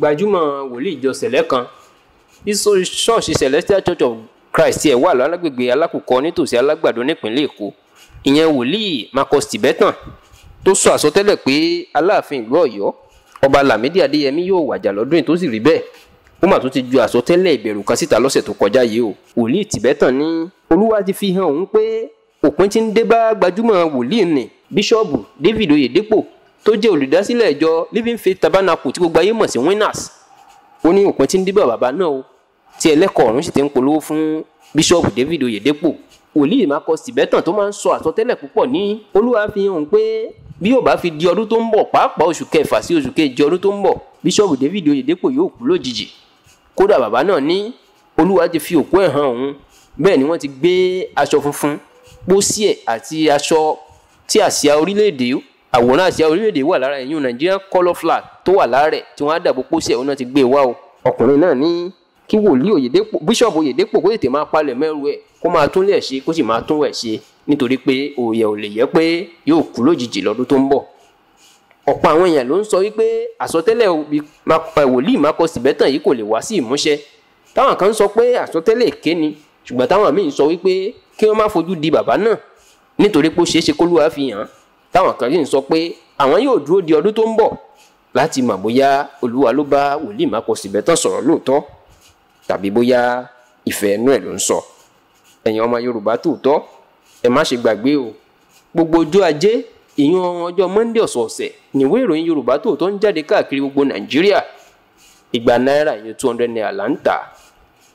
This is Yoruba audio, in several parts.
gbajúmọ̀ wòlíì ìjọ sẹ̀lẹ̀ kan ní ṣọ́ọ̀ṣì Celestial Church of Christ ẹ̀ wà lágbègbè alákòókò nítòsí alágbàdo nípínlẹ̀ Èkó ìyẹn wòlíì Marcus Tibetan tó sọ àsọtẹ́lẹ̀ pé Aláàfin ìlú Ọ̀yọ́ ọba Lámídì Adéyẹmí yóò wàjà lọ́dún yìí tó sì rí bẹ́ẹ̀ ó mà tún ti ju àsọtẹ́lẹ̀ ìbẹ̀rù kan síta lọ́sẹ̀ tó kọjá yìí o wòlíì Tibetan ní Olúwa ti fi hàn òun pé òpin ti ń dé bá gbajúmọ̀ wòlíì nì Bíṣọ́ọ̀bù David Oyedepo tó jẹ́ olùdásílẹ̀ ìjọ living faith tabernacle tí gbogbo ayé mọ̀ sí winners ó ní òpin tí ń débà bàbá náà o tí ẹlẹ́kọ̀ọ́ ọ̀run sì ti ń polówó fún bíṣọ́ọ̀bù david oyedepo wòlíì makọ sìbẹ́tàn tó máa ń sọ àsọtẹ́lẹ̀ púpọ̀ ní olúwa fi hàn pé bí yóò bá fi di ọdún tó ń bọ̀ pàápàá oṣù kẹfà sí oṣù kejì ọdún tó ń bọ̀ bíṣọ́ọ̀bù david oyedepo yóò kú lójijì kódà bàbá náà ní olúwa ti fi òkú ẹ̀ hàn òun bẹ́ẹ̀ ni wọ́n ti gbé aṣọ funfun pósí ẹ̀ àti aṣọ tí àsíá orílẹ̀-èdè àwòrán àsíá orílẹ̀-èdè wà lára ẹ̀yìn Nigerian colour flag tó wà láàrẹ̀ tí wọ́n á dàbò pósí ẹ̀hún náà ti gbé e wá o ọkùnrin náà ní kí wòlíì Oyèdépò bíṣọ̀bù Oyèdépò kó tètè máa palẹ̀ mẹ́rù ẹ̀ kó máa tún lẹ̀ ṣe kó sì máa tún ẹ̀ ṣe nítorí pé òòyẹ̀ ò lè yẹ pé yóò kú lójijì lọ́dún tó ń bọ̀ ọ̀pọ̀ àwọn èèyàn ló ń sọ wípé àsọtẹ́lẹ̀ wòlíì Marcus Tibetan yìí kò lè wá sí ìmúṣẹ táwọn kan ń sọ pé àsọtẹ́lẹ̀ èké ni ṣùgbọ́n táwọn míì ń sọ wípé kí wọ́n má fojú di bàbá náà nítorí pé ó ṣeé kólúwa fi hàn án táwọn kan yìí ń sọ pé àwọn yóò dúró di ọdún tó ń bọ̀ láti mọ̀ bóyá olúwa ló bá wòlíì Mápọ̀síbẹ̀ tán sọ̀rọ̀ lóòótọ́ tàbí bóyá ìfẹ́ inú ẹ̀ ló ń sọ ẹ̀yin ọmọ Yorùbá tòótọ́ ẹ má ṣe gbàgbé o gbogbo ọjọ́ ajé ìyún ọjọ́ Monday ọ̀sọ̀ọ̀sẹ̀ níwé ìròyìn Yorùbá tòótọ́ ń jáde káàkiri gbogbo Nàìjíríà ìgbà náírà ìyẹn two hundred naira là ń tà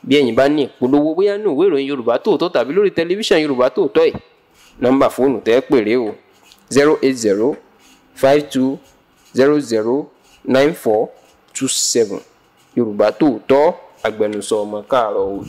bí ẹ̀yin bá ní ìpolówó bóyá ní ìwé ìròyìn Yorùbá tòótọ́ tàbí lórí tẹlifíṣàn Yorùbá tòótọ́ yìí nọ́mbà fóònù tẹ́ pèrè o 0244 080 52 Yorùbá Tòótọ́ agbẹnusọ ọmọ káàárọ̀